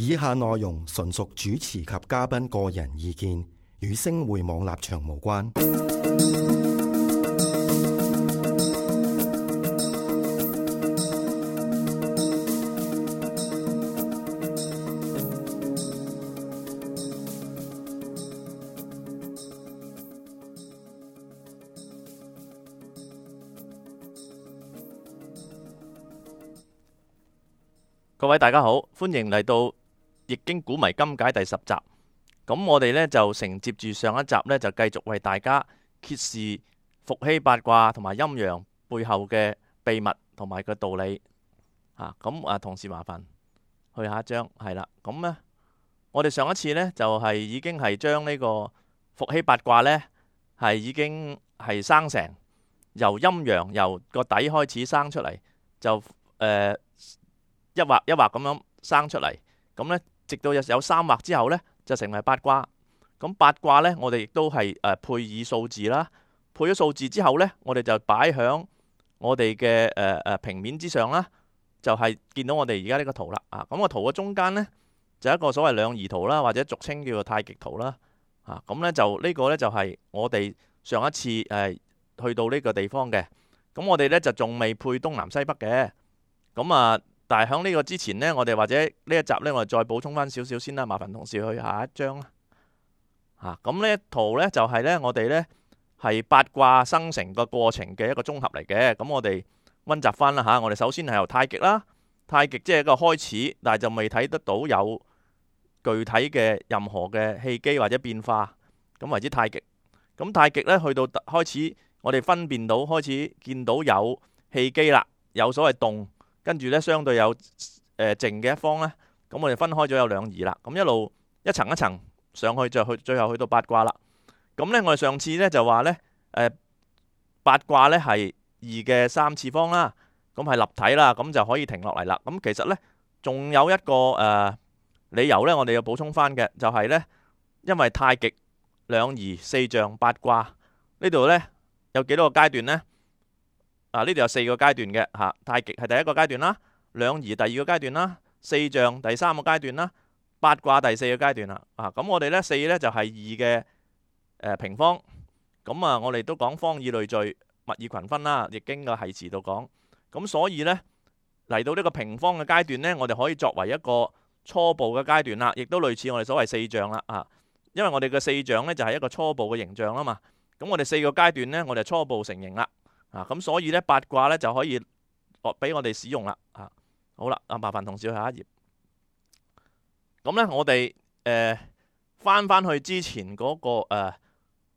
以下內容純屬主持及嘉賓個人意見，與星匯網立場無關。各位大家好，歡迎嚟到《易經古謎今解》第十集，咁我哋呢就承接住上一集呢，就繼續為大家揭示伏羲八卦同埋陰陽背後嘅秘密同埋個道理。啊，咁啊，同時麻煩去下一章，係啦。咁呢，我哋上一次呢，就係已經係將呢個伏羲八卦呢，係已經係生成，由陰陽由個底開始生出嚟，就誒、呃、一畫一畫咁樣生出嚟，咁呢。直到有三畫之後呢，就成為八卦。咁八卦呢，我哋亦都係誒配以數字啦。配咗數字之後呢，我哋就擺響我哋嘅誒誒平面之上啦。就係見到我哋而家呢個圖啦。啊，咁個圖嘅中間呢，就一個所謂兩儀圖啦，或者俗稱叫做「太極圖」啦。啊，咁呢，就呢個呢，就係我哋上一次誒去到呢個地方嘅。咁我哋呢，就仲未配東南西北嘅。咁啊～但係喺呢個之前呢，我哋或者呢一集呢，我哋再補充翻少少先啦。麻煩同事去下一張啦。啊，咁呢一圖咧就係呢我哋呢，係、就是、八卦生成個過程嘅一個綜合嚟嘅。咁我哋溫習翻啦吓，我哋首先係由太極啦，太極即係一個開始，但係就未睇得到有具體嘅任何嘅氣機或者變化，咁為之太極。咁太極呢，去到開始，我哋分辨到開始見到有氣機啦，有所謂動。跟住咧，相對有誒靜嘅一方咧，咁我哋分開咗有兩儀啦，咁一路一層一層上去就去，最後去到八卦啦。咁咧，我哋上次咧就話咧，誒八卦咧係二嘅三次方啦，咁係立體啦，咁就可以停落嚟啦。咁其實咧，仲有一個誒理由咧，我哋要補充返嘅，就係咧，因為太極兩儀四象八卦呢度咧有幾多個階段咧？啊！呢度有四個階段嘅，吓，太極係第一個階段啦，兩儀第二個階段啦，四象第三個階段啦，八卦第四個階段啦。咁、啊、我哋咧四咧就係二嘅誒、呃、平方。咁啊，我哋都講方以類聚，物以群分啦。易經嘅繫辭度講。咁所以咧，嚟到呢個平方嘅階段咧，我哋可以作為一個初步嘅階段啦。亦都類似我哋所謂四象啦、啊。因為我哋嘅四象咧就係一個初步嘅形象啦嘛。咁我哋四個階段咧，我哋初步成形啦。啊，咁所以呢，八卦呢就可以俾我哋使用啦。啊，好啦，啊麻煩同小下一頁。咁、呃、呢，我哋誒翻翻去之前嗰、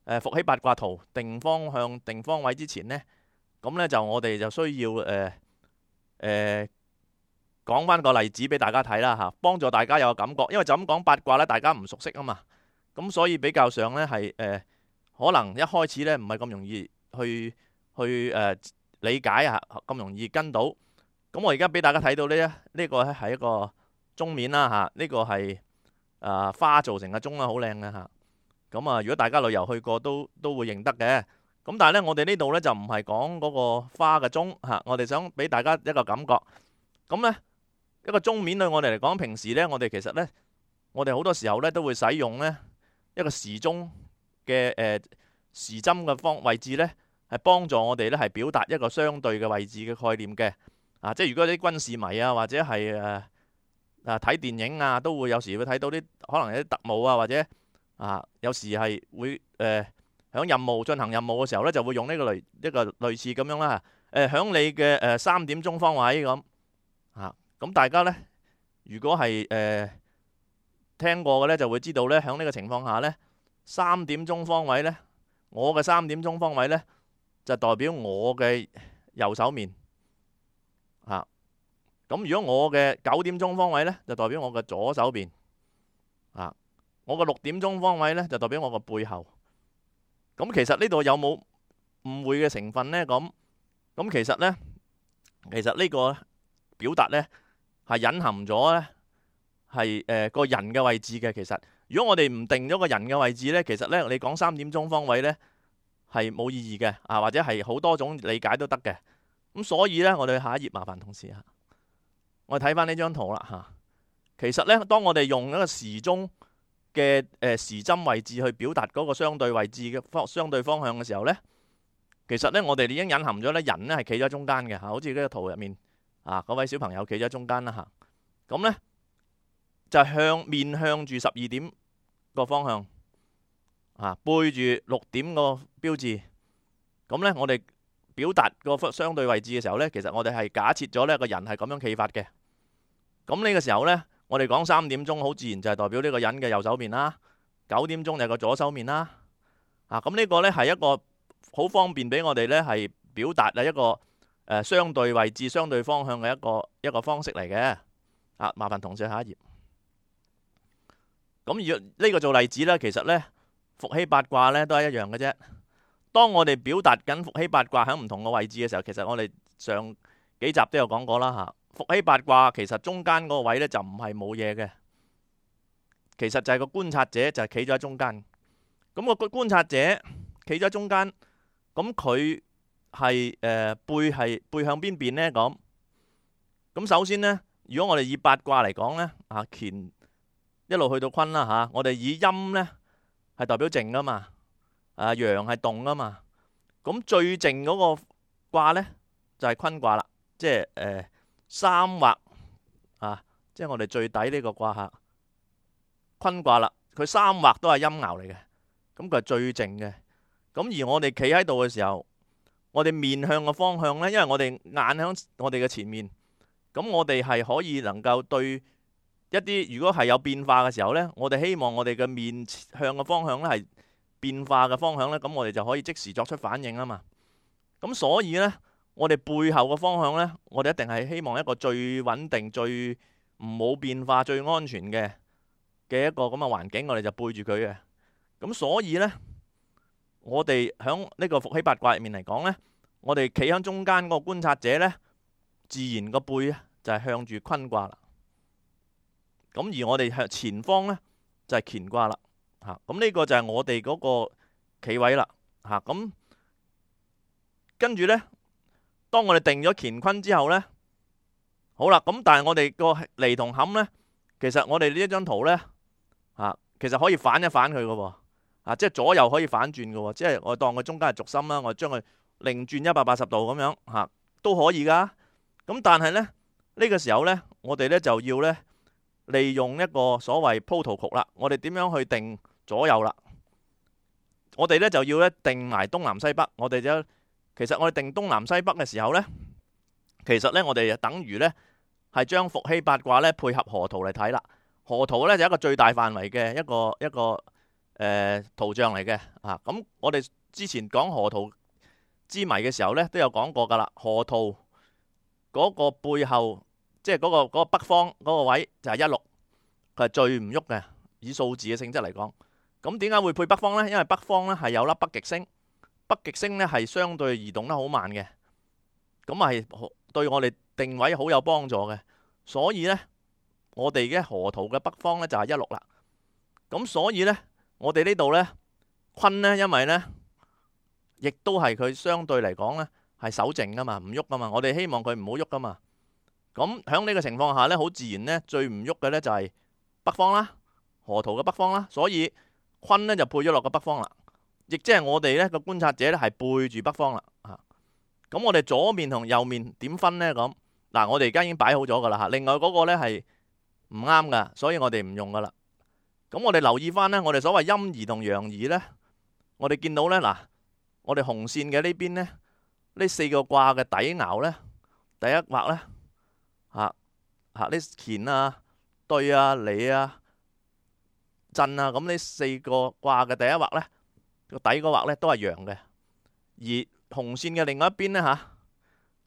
那個誒誒伏羲八卦圖定方向定方位之前呢，咁呢，就我哋就需要誒誒講翻個例子俾大家睇啦吓，幫助大家有感覺。因為就咁講八卦呢，大家唔熟悉啊嘛，咁所以比較上呢，係、呃、誒可能一開始呢，唔係咁容易去。去誒理解下，咁容易跟到。咁我而家俾大家睇到呢呢，呢個咧係一個鐘面啦，嚇，呢，呢個係啊、呃、花造成嘅鐘啦，好靚嘅嚇。咁啊，如果大家旅遊去過都都會認得嘅。咁但係呢，我哋呢度呢，就唔係講嗰個花嘅鐘嚇，我哋想俾大家一個感覺。咁呢，一個鐘面對我哋嚟講，平時呢，我哋其實呢，我哋好多時候呢，都會使用呢一個時鐘嘅誒、呃、時針嘅方位置呢。係幫助我哋咧，係表達一個相對嘅位置嘅概念嘅。啊，即係如果啲軍事迷啊，或者係誒啊睇電影啊，都會有時會睇到啲可能有啲特務啊，或者啊，有時係會誒響、呃、任務進行任務嘅時候咧，就會用呢個類一個類似咁樣啦。誒、呃，響你嘅誒、呃、三點鐘方位咁啊，咁大家咧，如果係誒、呃、聽過嘅咧，就會知道咧，響呢個情況下咧，三點鐘方位咧，我嘅三點鐘方位咧。就代表我嘅右手面啊！咁如果我嘅九點鐘方位呢，就代表我嘅左手面啊！我嘅六點鐘方位呢，就代表我嘅背後。咁、啊、其實呢度有冇誤會嘅成分呢？咁、啊、咁、啊、其實呢，其實呢個表達呢，係隱含咗呢，係、呃、誒個人嘅位置嘅。其實如果我哋唔定咗個人嘅位置呢，其實呢，你講三點鐘方位呢，係冇意義嘅，啊，或者係好多種理解都得嘅。咁所以呢，我哋下一頁，麻煩同事嚇，我睇翻呢張圖啦嚇、啊。其實呢，當我哋用一個時鐘嘅誒、呃、時針位置去表達嗰個相對位置嘅方相對方向嘅時候呢，其實呢，我哋已經隱含咗呢，人呢係企咗中間嘅嚇，好似呢個圖入面啊嗰位小朋友企咗中間啦嚇。咁、啊、呢，就係、向面向住十二點個方向。背住六點的標誌個標誌，咁呢我哋表達個相相對位置嘅時候呢，其實我哋係假設咗呢個人係咁樣企法嘅。咁呢個時候呢，我哋講三點鐘，好自然就係代表呢個人嘅右手面啦。九點鐘就係個左手面啦。啊，咁呢個呢，係一個好方便俾我哋呢係表達嘅一個誒相對位置、相對方向嘅一個一個方式嚟嘅。啊，麻煩同事下一頁。咁如呢個做例子呢，其實呢。伏羲八卦咧都係一樣嘅啫。當我哋表達緊伏羲八卦喺唔同嘅位置嘅時候，其實我哋上幾集都有講過啦吓，伏羲八卦其實中間嗰個位咧就唔係冇嘢嘅，其實就係、個觀察者就係企咗喺中間。咁個觀察者企咗喺中間，咁佢係誒背係背向邊邊呢？咁。咁首先呢，如果我哋以八卦嚟講呢，阿、啊、乾一路去到坤啦吓、啊，我哋以陰呢。係代表靜噶嘛？啊，陽係動噶嘛？咁最靜嗰個卦呢，就係坤卦啦。即係誒，三畫啊，即係我哋最底呢個卦吓，坤卦啦。佢三畫都係陰爻嚟嘅，咁佢係最靜嘅。咁而我哋企喺度嘅時候，我哋面向嘅方向呢，因為我哋眼喺我哋嘅前面，咁我哋係可以能夠對。一啲如果係有變化嘅時候咧，我哋希望我哋嘅面向嘅方向咧係變化嘅方向咧，咁我哋就可以即時作出反應啊嘛。咁所以咧，我哋背後嘅方向咧，我哋一定係希望一個最穩定、最唔好變化、最安全嘅嘅一個咁嘅環境，我哋就背住佢嘅。咁所以咧，我哋響呢個伏羲八卦入面嚟講咧，我哋企響中間個觀察者咧，自然個背就係向住坤卦啦。咁而我哋向前方咧就係乾卦啦，嚇咁呢個就係我哋嗰個企位啦，嚇咁跟住咧，當我哋定咗乾坤之後咧，好啦，咁但係我哋個離同坎咧，其實我哋呢一張圖咧，其實可以反一反佢嘅喎，啊，即係左右可以反轉嘅、啊，即係我當佢中間係軸心啦，我將佢另轉一百八十度咁樣、啊、都可以噶。咁、啊、但係咧呢、呢個時候咧，我哋咧就要咧。利用一個所謂鋪圖局啦，我哋點樣去定左右啦？我哋呢就要咧定埋東南西北。我哋就其實我哋定東南西北嘅時候呢，其實呢，我哋就等於呢係將伏羲八卦呢配合河圖嚟睇啦。河圖呢就一個最大範圍嘅一個一個誒圖像嚟嘅啊。咁我哋之前講河圖之謎嘅時候呢，都有講過噶啦。河圖嗰個背後。即係嗰個嗰個北方嗰個位就係一六，佢係最唔喐嘅。以數字嘅性質嚟講，咁點解會配北方呢？因為北方呢係有粒北極星，北極星呢係相對移動得好慢嘅，咁係對我哋定位好有幫助嘅。所以呢，我哋嘅河圖嘅北方呢就係一六啦。咁所以呢，我哋呢度呢坤呢，因為呢亦都係佢相對嚟講呢係守靜噶嘛，唔喐噶嘛。我哋希望佢唔好喐噶嘛。咁喺呢個情況下呢，好自然呢，最唔喐嘅呢就係北方啦，河圖嘅北方啦，所以坤呢就配咗落個北方啦，亦即係我哋呢個觀察者呢係背住北方啦吓。咁我哋左面同右面點分呢？咁嗱，我哋而家已經擺好咗噶啦吓。另外嗰個呢係唔啱噶，所以我哋唔用噶啦。咁我哋留意翻呢，我哋所謂陰儀同陽儀呢，我哋見到呢嗱，我哋紅線嘅呢邊呢，呢四個卦嘅底爻呢，第一畫呢。吓，吓呢，乾啊兌啊離啊震啊咁呢、啊啊啊啊、四個卦嘅第一畫咧個底嗰畫咧都係陽嘅，而紅線嘅另外一邊咧吓、啊，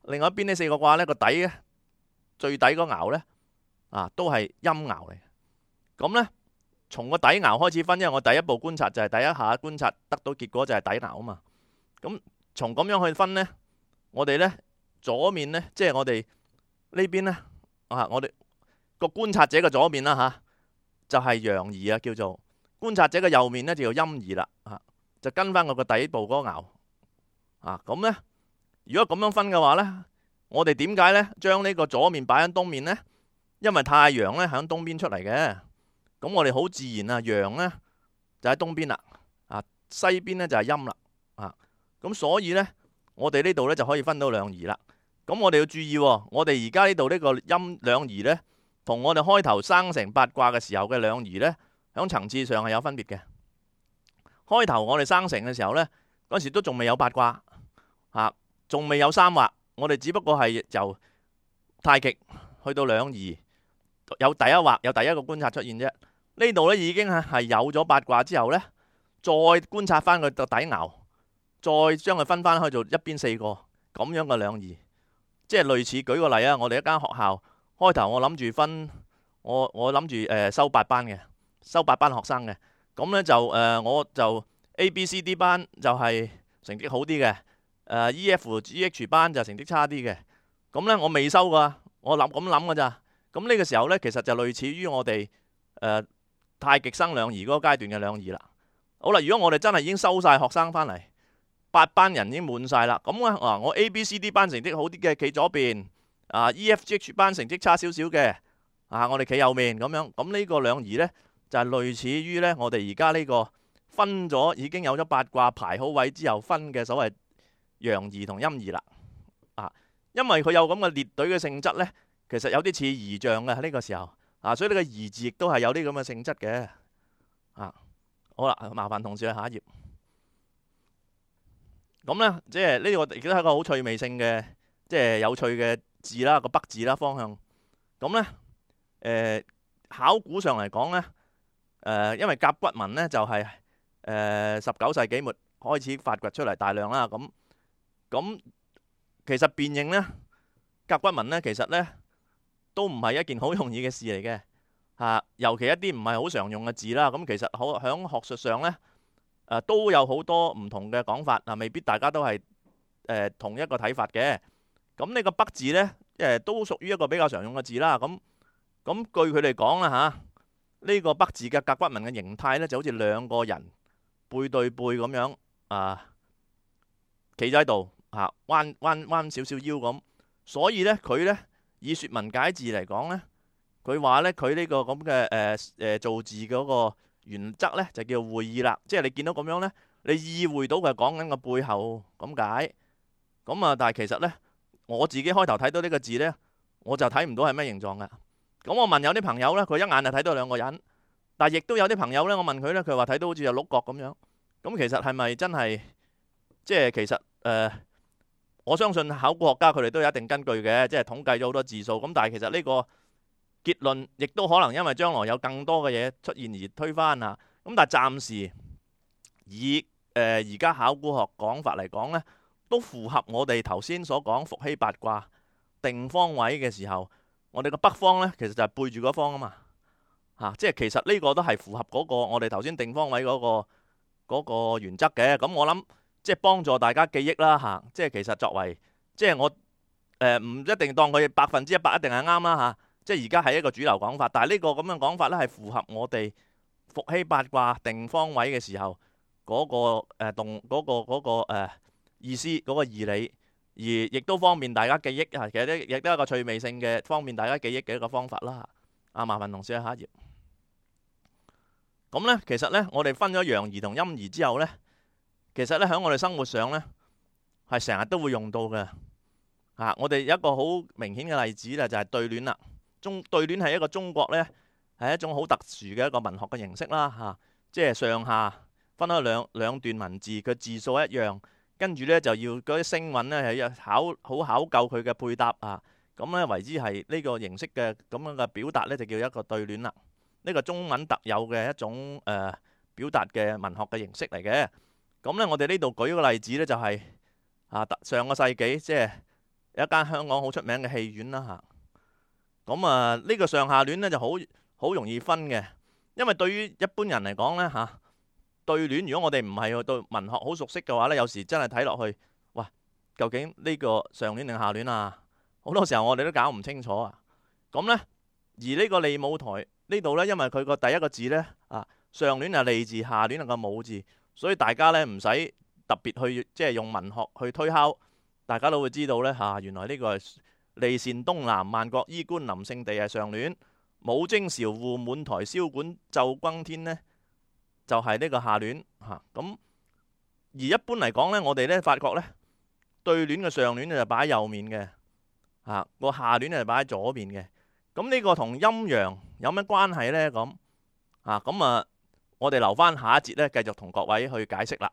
另外一邊呢四個卦咧個底咧最底嗰爻咧啊都係陰爻嚟，咁咧從個底爻開始分，因為我第一步觀察就係第一下觀察得到結果就係底爻啊嘛，咁、嗯、從咁樣去分咧，我哋咧左面咧即係我哋。呢邊呢？啊，我哋個觀察者嘅左面啦吓，就係陽儀啊，叫做觀察者嘅右面呢，就叫陰儀啦，吓，就跟翻我個底部嗰個牛，啊，咁呢，如果咁樣分嘅話呢，我哋點解呢？將呢個左面擺喺東面呢？因為太陽呢，響東邊出嚟嘅，咁我哋好自然啊，陽呢，就喺東邊啦，啊，西邊呢，就係陰啦，啊，咁所以呢，我哋呢度呢，就可以分到兩儀啦。咁我哋要注意，哦，我哋而家呢度呢個音兩儀呢，同我哋開頭生成八卦嘅時候嘅兩儀呢，響層次上係有分別嘅。開頭我哋生成嘅時候呢，嗰時都仲未有八卦，吓，啊，仲未有三畫，我哋只不過係就太極去到兩儀，有第一畫，有第一個觀察出現啫。呢度呢，已經係係有咗八卦之後呢，再觀察翻佢個底牛，再將佢分翻去做一邊四個咁樣嘅兩儀。即係類似，舉個例啊！我哋一間學校開頭，我諗住分我我諗住誒收八班嘅，收八班，班學生嘅。咁呢，就、呃、誒，我就 A、B、C、D 班就係成績好啲嘅，呃、E、F、G、H 班就成績差啲嘅。咁呢，我未收㗎，我諗咁諗㗎咋。咁呢個時候呢，其實就類似於我哋誒、呃、太極生兩儀嗰個階段嘅兩儀啦。好啦，如果我哋真係已經收晒學生返嚟。八班人已經滿晒啦，咁啊，我 A、B、C、D 班成績好啲嘅企左邊，啊 E、F、G、H 班成績差少少嘅，啊我哋企右面咁樣。咁呢個兩儀呢，就係類似於呢我哋而家呢個分咗已經有咗八卦排好位之後分嘅所謂陽儀同陰儀啦，啊，因為佢有咁嘅列隊嘅性質呢，其實有啲似儀仗嘅喺呢個時候，啊，所以呢個儀字亦都係有啲咁嘅性質嘅，啊，好啦，麻煩同事去下一頁。咁呢，即係呢個亦都係一個好趣味性嘅，即係有趣嘅字啦，個北字啦方向。咁呢，誒、呃、考古上嚟講呢，誒、呃、因為甲骨文呢，就係誒十九世紀末開始發掘出嚟大量啦。咁咁其實辨認呢，甲骨文呢，其實呢，都唔係一件好容易嘅事嚟嘅。嚇，尤其一啲唔係好常用嘅字啦。咁其實學響學術上呢。啊、都有好多唔同嘅講法啊，未必大家都係、呃、同一個睇法嘅。咁呢個北字呢，誒、呃、都屬於一個比較常用嘅字啦。咁、啊、咁、啊、據佢哋講啦嚇，呢、啊呢個北字嘅甲骨文嘅形態呢，就好似兩個人背對背咁樣啊，企住喺度嚇，彎彎彎少少腰咁。所以呢，佢呢，以説文解字嚟講呢，佢話呢，佢呢個咁嘅誒誒造字嗰、嗰個。原則咧就叫會意啦，即係你見到咁樣呢，你意會到佢講緊個背後咁解。咁啊，但係其實呢，我自己開頭睇到呢個字呢，我就睇唔到係咩形狀嘅。咁我問有啲朋友呢，佢一眼就睇到兩個人，但係亦都有啲朋友呢，我問佢呢，佢話睇到好似有六角咁樣。咁其實係咪真係？即係其實誒、呃，我相信考古學家佢哋都有一定根據嘅，即係統計咗好多字數。咁但係其實呢、呢個結論亦都可能因為將來有更多嘅嘢出現而推翻啊。咁但係暫時以誒而家考古學講法嚟講呢，都符合我哋頭先所講伏羲八卦定方位嘅時候，我哋嘅北方呢，其實就係背住嗰方啊嘛嚇，即係其實呢個都係符合嗰個我哋頭先定方位嗰個嗰個原則嘅。咁我諗即係幫助大家記憶啦吓，即係其實作為即係我誒唔一定當佢百分之一百一定係啱啦吓。即係而家係一個主流講法，但係呢個咁樣講法呢，係符合我哋伏羲八卦定方位嘅時候嗰、嗰個誒、呃、動、嗰個、嗰個誒、呃、意思嗰、嗰個義理，而亦都方便大家記憶吓、啊。其實咧亦都係一個趣味性嘅方便大家記憶嘅一個方法啦。阿麻煩同學下一頁咁呢，其實呢，我哋分咗陽兒同陰兒之後呢，其實呢，喺我哋生活上呢，係成日都會用到嘅吓、啊。我哋有一個好明顯嘅例子咧，就係、是、對聯啦。中對聯係一個中國呢，係一種好特殊嘅一個文學嘅形式啦，嚇、啊！即係上下分開兩兩段文字，佢字數一樣，跟住呢就要嗰啲聲韻呢，係考好考究佢嘅配搭啊。咁呢為之係呢個形式嘅咁樣嘅表達呢，就叫一個對聯啦。呢、這個中文特有嘅一種誒、呃、表達嘅文學嘅形式嚟嘅。咁呢，我哋呢度舉個例子呢，就係、是、啊上個世紀即係一間香港好出名嘅戲院啦，嚇、啊！咁啊，呢、這個上下聯呢就好好容易分嘅，因為對於一般人嚟講呢，嚇、啊，對聯如果我哋唔係對文學好熟悉嘅話呢，有時真係睇落去，嘩，究竟呢個上聯定下聯啊？好多時候我哋都搞唔清楚啊。咁呢，而呢個利舞台呢度呢，因為佢個第一個字呢，「啊，上聯係利字，下聯係個舞字，所以大家呢唔使特別去即係、就是、用文學去推敲，大家都會知道呢，啊「原來呢個「利扇東南萬國衣冠臨勝地」係上聯，「武精韶戶滿台簫管奏鈞天」呢，就係、是、呢個下聯吓。咁、啊、而一般嚟講呢，我哋呢發覺呢，對聯嘅上聯就擺喺右面嘅，吓、啊、個下聯就擺喺左面嘅。咁、啊、呢、這個同陰陽有咩關係呢？咁啊咁啊，我哋留翻下一節呢，繼續同各位去解釋啦。